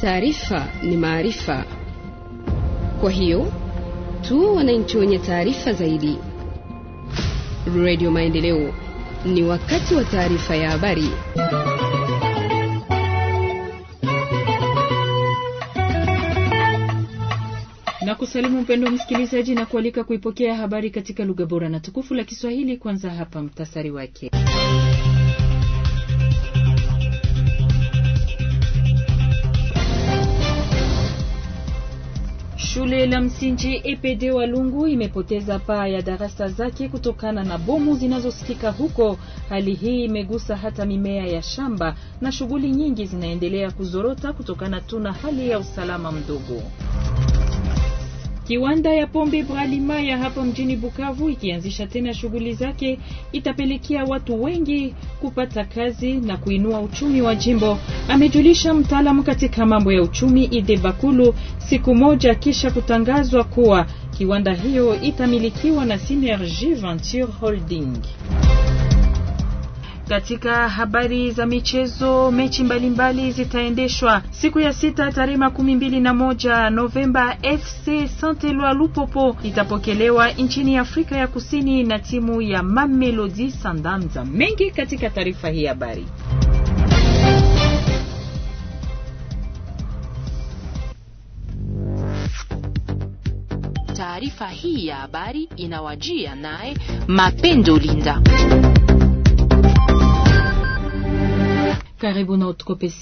Taarifa ni maarifa, kwa hiyo tu wananchi wenye taarifa zaidi. Radio Maendeleo, ni wakati wa taarifa ya habari. na kusalimu mpendo msikilizaji na kualika kuipokea habari katika lugha bora na tukufu la Kiswahili. Kwanza hapa mtasari wake Shule la msingi EPD wa lungu imepoteza paa ya darasa zake kutokana na bomu zinazosikika huko. Hali hii imegusa hata mimea ya shamba na shughuli nyingi zinaendelea kuzorota kutokana tu na hali ya usalama mdogo. Kiwanda ya pombe Bralima ya hapa mjini Bukavu ikianzisha tena shughuli zake itapelekea watu wengi kupata kazi na kuinua uchumi wa jimbo, amejulisha mtaalamu katika mambo ya uchumi Ide Bakulu siku moja kisha kutangazwa kuwa kiwanda hiyo itamilikiwa na Synergy Venture Holding. Katika habari za michezo, mechi mbalimbali zitaendeshwa siku ya sita tarehe makumi mbili na moja Novemba. FC Saint Eloi Lupopo itapokelewa nchini Afrika ya Kusini na timu ya Mamelodi Sundowns. Mengi katika taarifa hii habari. Taarifa hii ya habari inawajia naye Mapendo Linda. Karibu na utkope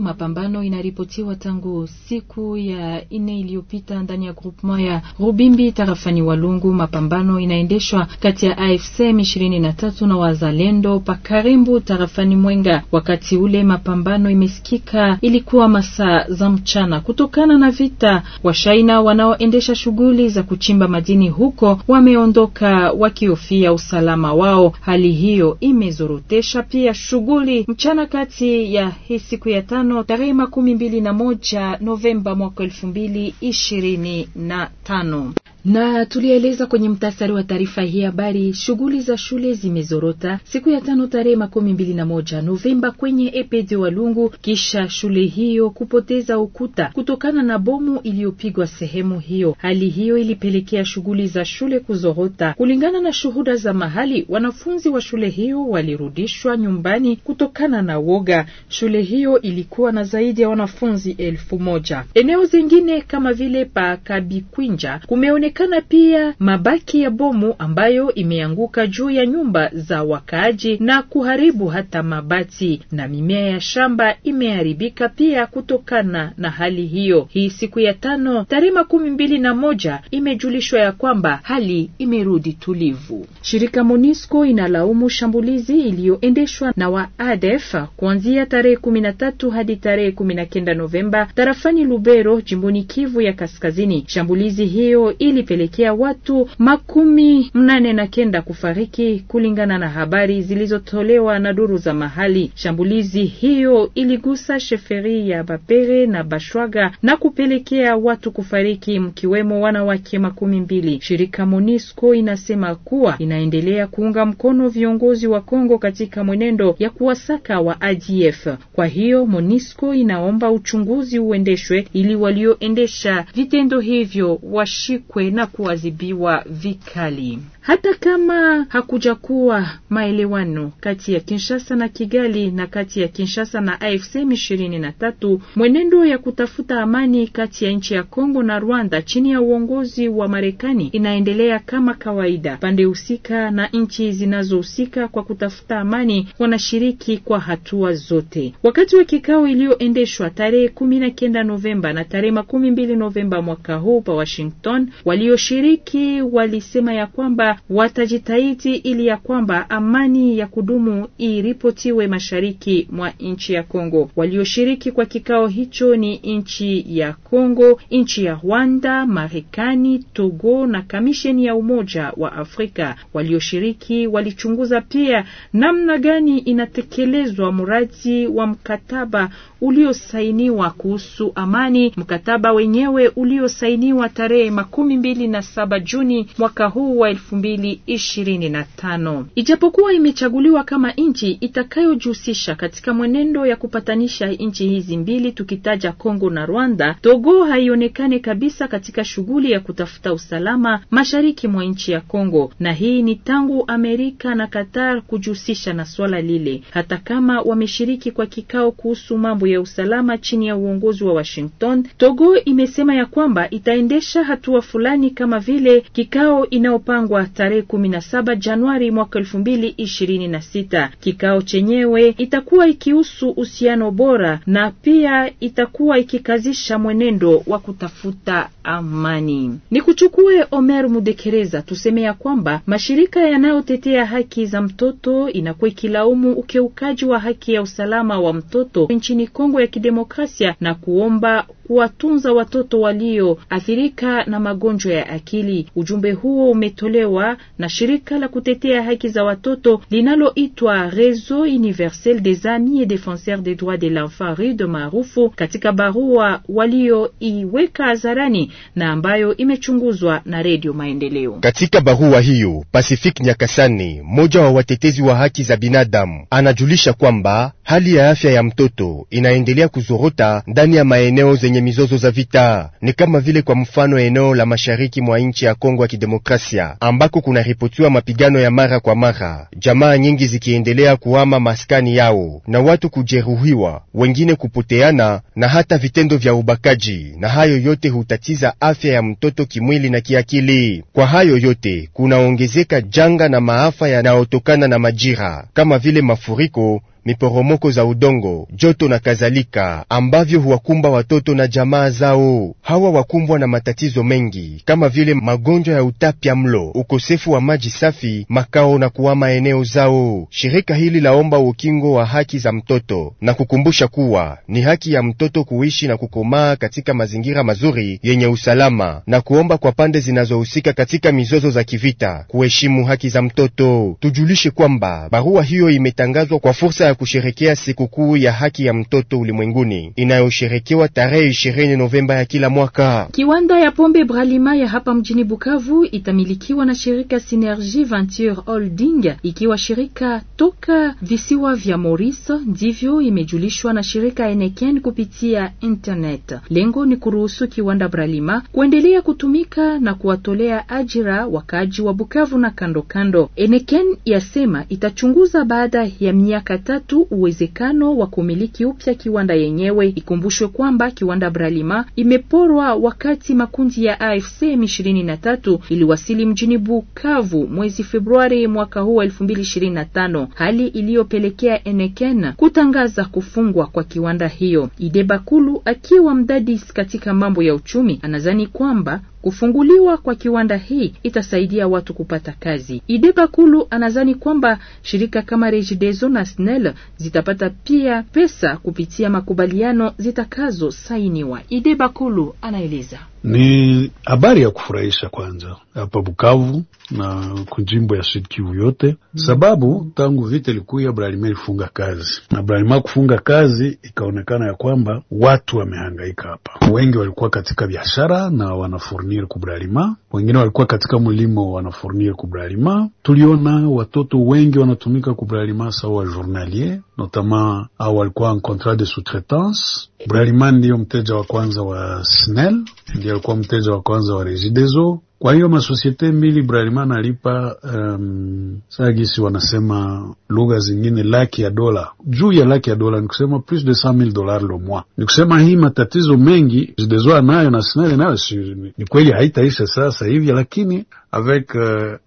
mapambano inaripotiwa tangu siku ya ine iliyopita ndani ya groupement ya Rubimbi tarafani Walungu. Mapambano inaendeshwa kati ya AFC M23 na wazalendo Pakarimbu tarafani Mwenga. Wakati ule mapambano imesikika ilikuwa masaa za mchana, kutokana na vita. Washaina wanaoendesha shughuli za kuchimba madini huko wameondoka wakihofia usalama wao. Hali hiyo imezorotesha pia shughuli mchana kati kati ya hii siku ya tano tarehe makumi mbili na moja Novemba mwaka elfu mbili ishirini na tano na tulieleza kwenye mtasari wa taarifa hii habari, shughuli za shule zimezorota siku ya tano tarehe makumi mbili na moja Novemba kwenye EPD Walungu, kisha shule hiyo kupoteza ukuta kutokana na bomu iliyopigwa sehemu hiyo. Hali hiyo ilipelekea shughuli za shule kuzorota. Kulingana na shuhuda za mahali, wanafunzi wa shule hiyo walirudishwa nyumbani kutokana na woga. Shule hiyo ilikuwa na zaidi ya wanafunzi elfu moja. Eneo zingine kama vile pa Kabikwinja kumeone kunaonekana pia mabaki ya bomu ambayo imeanguka juu ya nyumba za wakaaji na kuharibu hata mabati na mimea ya shamba imeharibika pia kutokana na hali hiyo. Hii siku ya tano tarehe makumi mbili na moja imejulishwa ya kwamba hali imerudi tulivu. Shirika Monisco inalaumu shambulizi iliyoendeshwa na ADF kuanzia tarehe kumi na tatu hadi tarehe kumi na kenda Novemba tarafani Lubero, jimboni Kivu ya Kaskazini. Shambulizi hiyo ili ilipelekea watu makumi mnane na kenda kufariki kulingana na habari zilizotolewa na duru za mahali. Shambulizi hiyo iligusa sheferi ya Bapere na Bashwaga na kupelekea watu kufariki mkiwemo wanawake makumi mbili. Shirika Monisco inasema kuwa inaendelea kuunga mkono viongozi wa Kongo katika mwenendo ya kuwasaka wa ADF. Kwa hiyo Monisco inaomba uchunguzi uendeshwe ili walioendesha vitendo hivyo washikwe na kuadhibiwa vikali. Hata kama hakujakuwa maelewano kati ya Kinshasa na Kigali na kati ya Kinshasa na AFC M23, mwenendo ya kutafuta amani kati ya nchi ya Kongo na Rwanda chini ya uongozi wa Marekani inaendelea kama kawaida. Pande husika na nchi zinazohusika kwa kutafuta amani wanashiriki kwa hatua zote. Wakati wa kikao iliyoendeshwa tarehe 19 Novemba na tarehe 12 Novemba mwaka huu pa Washington wali Walioshiriki walisema ya kwamba watajitahidi ili ya kwamba amani ya kudumu iripotiwe mashariki mwa nchi ya Kongo. Walioshiriki kwa kikao hicho ni nchi ya Kongo, nchi ya Rwanda, Marekani, Togo na kamisheni ya Umoja wa Afrika. Walioshiriki walichunguza pia namna gani inatekelezwa mradi wa mkataba uliosainiwa kuhusu amani, mkataba wenyewe uliosainiwa tarehe makumi mbili na saba Juni mwaka huu wa elfu mbili ishirini na tano. Ijapokuwa imechaguliwa kama nchi itakayojihusisha katika mwenendo ya kupatanisha nchi hizi mbili, tukitaja Kongo na Rwanda, Togo haionekane kabisa katika shughuli ya kutafuta usalama mashariki mwa nchi ya Kongo, na hii ni tangu Amerika na Qatar kujihusisha na swala lile, hata kama wameshiriki kwa kikao kuhusu mambo ya usalama chini ya uongozi wa Washington, Togo imesema ya kwamba itaendesha hatua fulani kama vile kikao inayopangwa tarehe 17 Januari mwaka 2026. Kikao chenyewe itakuwa ikihusu uhusiano bora na pia itakuwa ikikazisha mwenendo wa kutafuta amani. Ni kuchukue Omer Mudekereza, tuseme ya kwamba mashirika yanayotetea haki za mtoto inakuwa ikilaumu ukiukaji wa haki ya usalama wa mtoto nchini Kongo ya Kidemokrasia na kuomba kuwatunza watoto walioathirika na magonjwa ya akili. Ujumbe huo umetolewa na shirika la kutetea haki za watoto linaloitwa Réseau Universel des Amis et Défenseurs des Droits de l'Enfant RUDE maarufu, katika barua walioiweka hadharani na ambayo imechunguzwa na Redio Maendeleo. Katika barua hiyo, Pacific Nyakasani, mmoja wa watetezi wa haki za binadamu, anajulisha kwamba hali ya afya ya mtoto ina zinaendelea kuzorota ndani ya maeneo zenye mizozo za vita, ni kama vile kwa mfano eneo la mashariki mwa nchi ya Kongo ya Kidemokrasia ambako kunaripotiwa mapigano ya mara kwa mara, jamaa nyingi zikiendelea kuhama maskani yao na watu kujeruhiwa, wengine kupoteana na hata vitendo vya ubakaji, na hayo yote hutatiza afya ya mtoto kimwili na kiakili. Kwa hayo yote kunaongezeka janga na maafa yanayotokana na majira kama vile mafuriko miporomoko za udongo, joto na kadhalika, ambavyo huwakumba watoto na jamaa zao. Hawa wakumbwa na matatizo mengi kama vile magonjwa ya utapia mlo, ukosefu wa maji safi, makao na kuwama eneo zao. Shirika hili laomba ukingo wa haki za mtoto na kukumbusha kuwa ni haki ya mtoto kuishi na kukomaa katika mazingira mazuri yenye usalama, na kuomba kwa pande zinazohusika katika mizozo za kivita kuheshimu haki za mtoto. Tujulishe kwamba barua hiyo imetangazwa kwa fursa ya kusherekea sikukuu ya haki ya mtoto ulimwenguni inayosherekewa tarehe 20 Novemba ya kila mwaka. Kiwanda ya pombe Bralima ya hapa mjini Bukavu itamilikiwa na shirika Synergie Venture Holding ikiwa shirika toka visiwa vya Maurice, ndivyo imejulishwa na shirika Eneken kupitia internet. Lengo ni kuruhusu kiwanda Bralima kuendelea kutumika na kuwatolea ajira wakaaji wa Bukavu na kando kando. Eneken yasema itachunguza baada ya miaka tatu tatu, uwezekano wa kumiliki upya kiwanda yenyewe. Ikumbushwe kwamba kiwanda Bralima imeporwa wakati makundi ya AFC M23 iliwasili mjini Bukavu mwezi Februari mwaka huu 2025, hali iliyopelekea Enekena kutangaza kufungwa kwa kiwanda hiyo. Ide Bakulu akiwa mdadis katika mambo ya uchumi anazani kwamba Kufunguliwa kwa kiwanda hii itasaidia watu kupata kazi. Ide Bakulu anazani kwamba shirika kama Regideso na SNEL zitapata pia pesa kupitia makubaliano zitakazosainiwa. Ide Bakulu anaeleza ni habari ya kufurahisha kwanza hapa Bukavu na kujimbo ya Sud Kivu yote, sababu tangu vita ilikuwa Ibrahima ilifunga kazi na Ibrahima kufunga kazi, ikaonekana ya kwamba watu wamehangaika hapa. Wengi walikuwa katika biashara na wanafurnir kubralima, wengine walikuwa katika mlimo wanafurnir kubralima. Tuliona watoto wengi wanatumika kubralima sawa journalier notama au walikuwa en contrat de sous-traitance. Bralima ndiyo mteja wa kwanza wa SNEL, ndiyo alikuwa mteja wa kwanza wa Regideso kwa hiyo masosiete mbili Brahimana alipa um, sagisi wanasema lugha zingine laki ya dola juu ya laki ya dola, ni kusema plus de 100000 dollars le mois. Ni kusema hii matatizo mengi zidezoa nayo na sinale nayo si, ni, ni kweli haitaisha sasa hivi, lakini avec uh,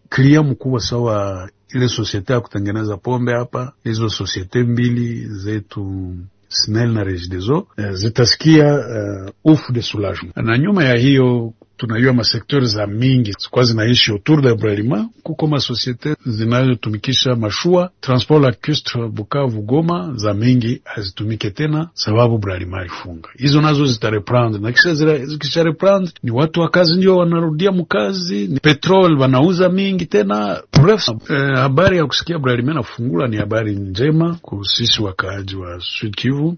klia mkubwa sawa ile sosiete ya kutengeneza pombe hapa, hizo sosiete mbili zetu SNEL na Regideso euh, zitasikia uh, ufu de soulagement na nyuma ya hiyo tunajua masektori za mingi zikuwa zinaishi autour de Brelima, kuko masosiete zinazotumikisha mashua transport lacustre Bukavu, Goma, za mingi hazitumike tena sababu Brelima alifunga. Hizo nazo zitareprendre, na kisha zikishareprendre ni watu wa kazi ndio wanarudia mkazi, ni petrol wanauza mingi tena. Bref, eh, habari ya kusikia Bralima nafungula ni habari njema kwa sisi wakaaji wa Sud Kivu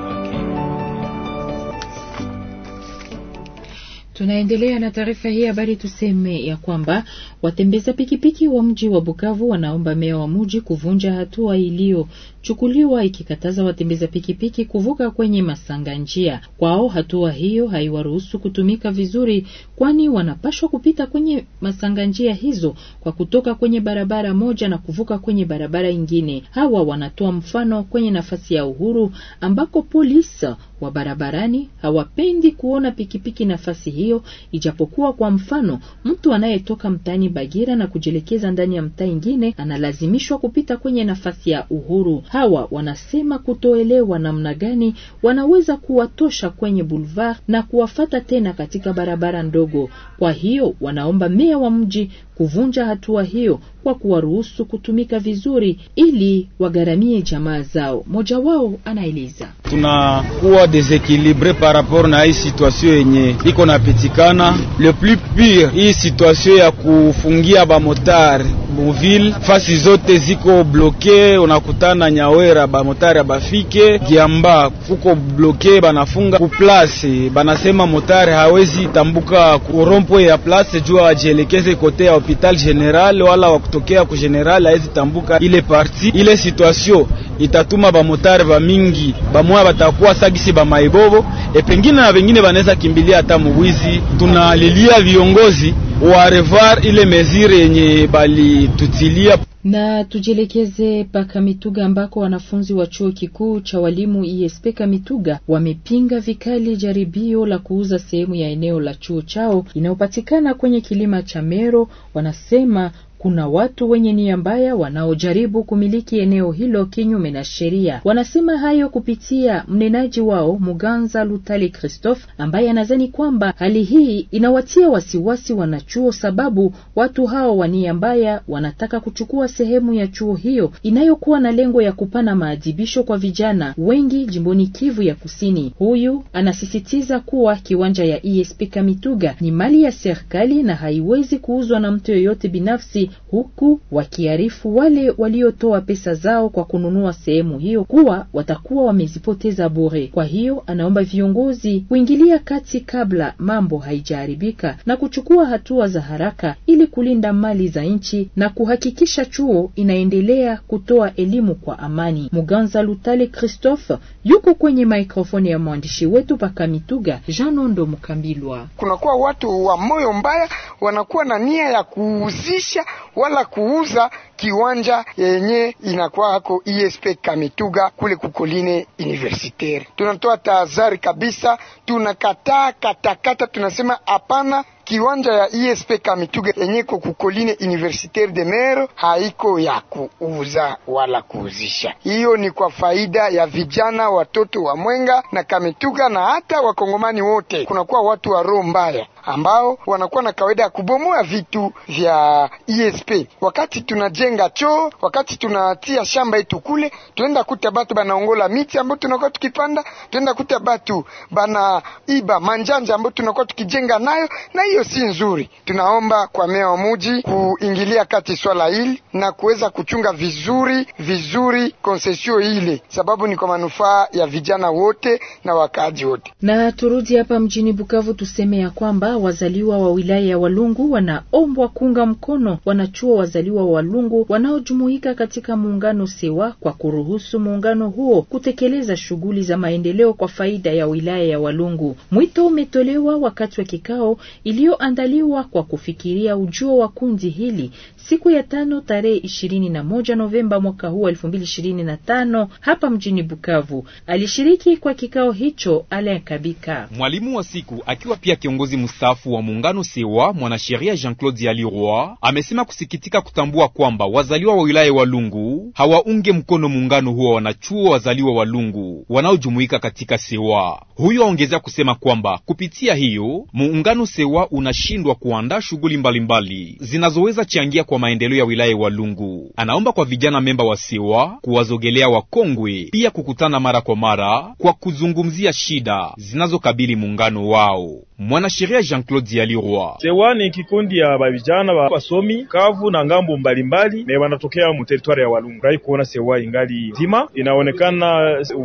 Tunaendelea na taarifa hii habari, tuseme ya kwamba watembeza pikipiki wa mji wa Bukavu wanaomba meya wa mji kuvunja hatua iliyochukuliwa ikikataza watembeza pikipiki kuvuka kwenye masanga njia kwao. Hatua hiyo haiwaruhusu kutumika vizuri, kwani wanapashwa kupita kwenye masanga njia hizo kwa kutoka kwenye barabara moja na kuvuka kwenye barabara ingine. Hawa wanatoa mfano kwenye nafasi ya Uhuru ambako polisi wa barabarani hawapendi kuona pikipiki nafasi hiyo, ijapokuwa kwa mfano mtu anayetoka mtaani Bagira na kujielekeza ndani ya mtaa ingine analazimishwa kupita kwenye nafasi ya uhuru. Hawa wanasema kutoelewa namna gani wanaweza kuwatosha kwenye boulevard na kuwafata tena katika barabara ndogo. Kwa hiyo wanaomba meya wa mji kuvunja hatua hiyo kwa kuwaruhusu kutumika vizuri ili wagharamie jamaa zao. Mmoja wao anaeleza, tunakuwa desekilibre par rapport na hii situation yenye iko napitikana le plus pire, hii situation ya kufungia bamotare muville fasi zote ziko bloke, unakutana Nyawera bamotari abafike, Giamba kuko bloke, banafunga kuplase, banasema motari hawezi tambuka kurompwe ya place juu ajielekeze kote ya hospital general wala wa kutokea ku general hawezi tambuka ile parti ile situation itatuma bamotari bamingi bamoya batakuwa sagisi bamaibobo e epengine na bengine banaweza kimbilia hata mubwizi. Tunalilia viongozi wa revar ile mezire yenye balitutilia na tujielekeze paka Mituga ambako wanafunzi wa chuo kikuu cha walimu ISP e Kamituga wamepinga vikali jaribio la kuuza sehemu ya eneo la chuo chao inayopatikana kwenye kilima cha Mero. Wanasema kuna watu wenye nia mbaya wanaojaribu kumiliki eneo hilo kinyume na sheria. Wanasema hayo kupitia mnenaji wao Muganza Lutali Christophe, ambaye anadhani kwamba hali hii inawatia wasiwasi wanachuo, sababu watu hao wa nia mbaya wanataka kuchukua sehemu ya chuo hiyo inayokuwa na lengo ya kupana maadhibisho kwa vijana wengi jimboni Kivu ya Kusini. Huyu anasisitiza kuwa kiwanja ya ESP Kamituga ni mali ya serikali na haiwezi kuuzwa na mtu yoyote binafsi huku wakiarifu wale waliotoa pesa zao kwa kununua sehemu hiyo kuwa watakuwa wamezipoteza bure. Kwa hiyo anaomba viongozi kuingilia kati kabla mambo haijaharibika na kuchukua hatua za haraka ili kulinda mali za nchi na kuhakikisha chuo inaendelea kutoa elimu kwa amani. Muganza Lutale Christophe yuko kwenye mikrofoni ya mwandishi wetu mituga Jean Nondo Mukambilwa. Kunakuwa watu wa moyo mbaya, wanakuwa na nia ya kuhuzisha wala kuuza kiwanja yenye inakwako ISP e Kamituga kule kukoline universitaire. Tunatoa tahadhari kabisa, tunakataa katakata, tunasema hapana kiwanja ya ISP e Kamituga yenye kukoline universitaire de Mero haiko ya kuuza wala kuuzisha. Hiyo ni kwa faida ya vijana watoto wa Mwenga na Kamituga na hata wakongomani wote. Kunakuwa watu wa roho mbaya ambao wanakuwa na kawaida ya kubomoa vitu vya ISP. E wakati tunajenga choo, wakati tunatia shamba yetu kule, tunaenda kuta batu banaongola miti ambayo tunakuwa tukipanda, tunaenda kuta batu bana iba manjanja ambayo tunakuwa tukijenga nayo, na hiyo si nzuri. Tunaomba kwa mea wa muji kuingilia kati swala hili na kuweza kuchunga vizuri vizuri konsesio ile, sababu ni kwa manufaa ya vijana wote na wakaaji wote. Na turudi hapa mjini Bukavu tuseme ya kwamba wazaliwa wa wilaya ya Walungu wanaombwa kuunga mkono wanachuo wazaliwa wa Walungu wanaojumuika katika muungano SEWA kwa kuruhusu muungano huo kutekeleza shughuli za maendeleo kwa faida ya wilaya ya Walungu. Mwito umetolewa wakati wa kikao iliyoandaliwa kwa kufikiria ujuo wa kundi hili siku ya tano tarehe 21 Novemba mwaka huu 2025 hapa mjini Bukavu. Alishiriki kwa kikao hicho Alain Kabika, mwalimu wa siku akiwa pia kiongozi mstaafu wa muungano Sewa, mwanasheria Jean-Claude Yaliroy amesema kusikitika kutambua kwamba wazaliwa wa wilaya wa lungu hawaunge mkono muungano huo wa wanachuo wazaliwa Walungu wanaojumuika katika Sewa. Huyo aongezea kusema kwamba kupitia hiyo muungano Sewa unashindwa kuandaa shughuli mbalimbali zinazoweza changia kwa maendeleo ya wilaya Walungu. Anaomba kwa vijana memba wa Sewa kuwazogelea wakongwe, pia kukutana mara kwa mara kwa kuzungumzia shida zinazokabili muungano wao mwanasheria Jean-Claude Yaliroy. Sewa ni kikundi ya bavijana wasomi kavu na ngambo mbalimbali na wanatokea muteritwari ya Walungu. Rai kuona sewa ingali zima, inaonekana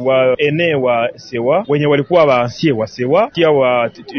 waene wa sewa wenye walikuwa waansie wa sewa kia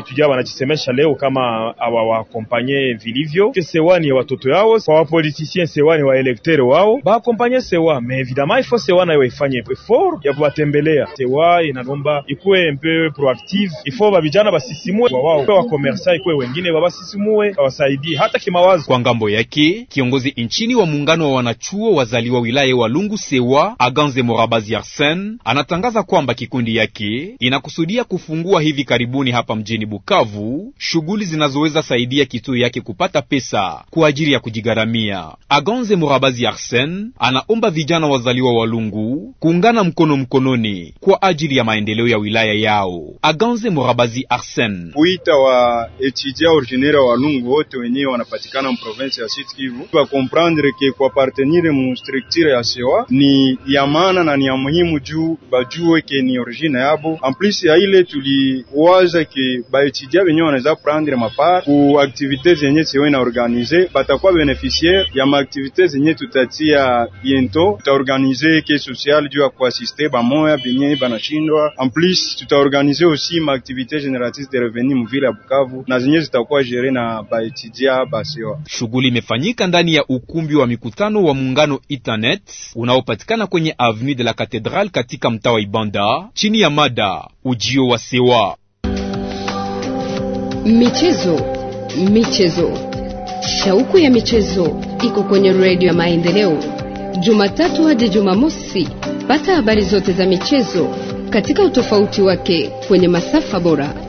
tujia wanajisemesha leo kama wakompanye vilivyo. Sewa ni watoto yao kwa wapolitisien, sewa ni waelektere wao bakompanye sewa me evidama ifo sewa nayo waifanye effort ya kuwatembelea. Sewa inalomba ikuwe mpe proactive ifo bavijana basisimue wao kwa wakomersa ikwe wengine wawasisimue wawasaidie hata kimawazo. Kwa ngambo yake kiongozi nchini wa muungano wa wanachuo wazaliwa wilaya wa Lungu Sewa Aganze Morabazi Arsen anatangaza kwamba kikundi yake inakusudia kufungua hivi karibuni hapa mjini Bukavu shughuli zinazoweza saidia kituo yake kupata pesa kwa ajili ya kujigharamia. Aganze Morabazi Arsen anaomba vijana wazaliwa wa Lungu kuungana mkono mkononi kwa ajili ya maendeleo ya wilaya yao. Aganze Morabazi Arsen oui, naita wa etudia originaire wa Lungu wote wenyewe wanapatikana mprovensi ya Sud Kivu wa comprendre ke kuapartenire mu structure ya sewa ni ya maana na ni ya muhimu juu bajue ke ni origine yabo. en plus ya ile tuliwaza ke baetudia benye wanaweza prendre mapart ku aktivite zenye sewa na organize, batakuwa beneficiaire ya maaktivite zenye tutatia biento. Tutaorganize ke social juu ya kuasiste bamoya benye banashindwa. plus tutaorganize aussi maaktivite generatrice de revenu mvile ya Bukavu na zenyewe zitakuwa jere na baetidia basewa. Shughuli imefanyika ndani ya ukumbi wa mikutano wa muungano Internet unaopatikana kwenye avenue de la Cathedrale katika mtaa wa Ibanda chini ya mada ujio wa sewa. Michezo, michezo, shauku ya michezo iko kwenye redio ya Maendeleo, Jumatatu hadi Jumamosi. Pata habari zote za michezo katika utofauti wake kwenye masafa bora.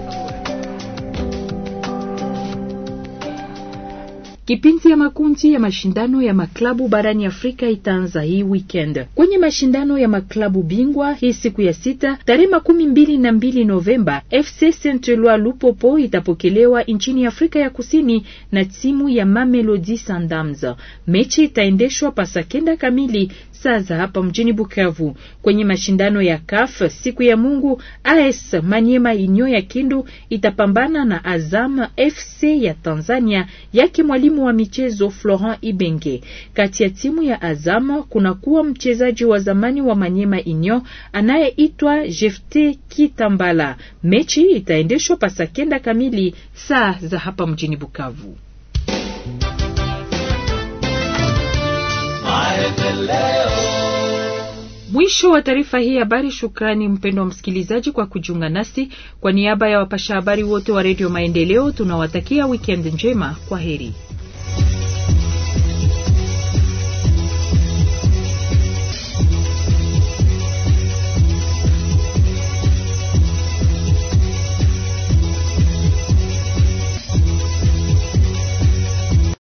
Kipindi ya makundi ya mashindano ya maklabu barani Afrika itaanza hii weekend kwenye mashindano ya maklabu bingwa hii siku ya sita tarehe makumi mbili na mbili Novemba, FC Saint Eloi Lupopo itapokelewa nchini Afrika ya Kusini na timu ya Mamelodi Sundowns. Mechi itaendeshwa pasakenda kamili sasa hapa mjini Bukavu kwenye mashindano ya CAF siku ya Mungu, AS Manyema Inyo ya Kindu itapambana na Azam FC ya Tanzania yake mwalimu wa michezo Florent Ibenge. Kati ya timu ya Azam kuna kuwa mchezaji wa zamani wa Manyema Inyo anayeitwa Jefte Kitambala. Mechi itaendeshwa pasakenda kamili saa za hapa mjini Bukavu. Mwisho wa taarifa hii habari. Shukrani mpendo wa msikilizaji kwa kujiunga nasi. Kwa niaba ya wapasha habari wote wa Redio Maendeleo tunawatakia wikend njema. Kwa heri.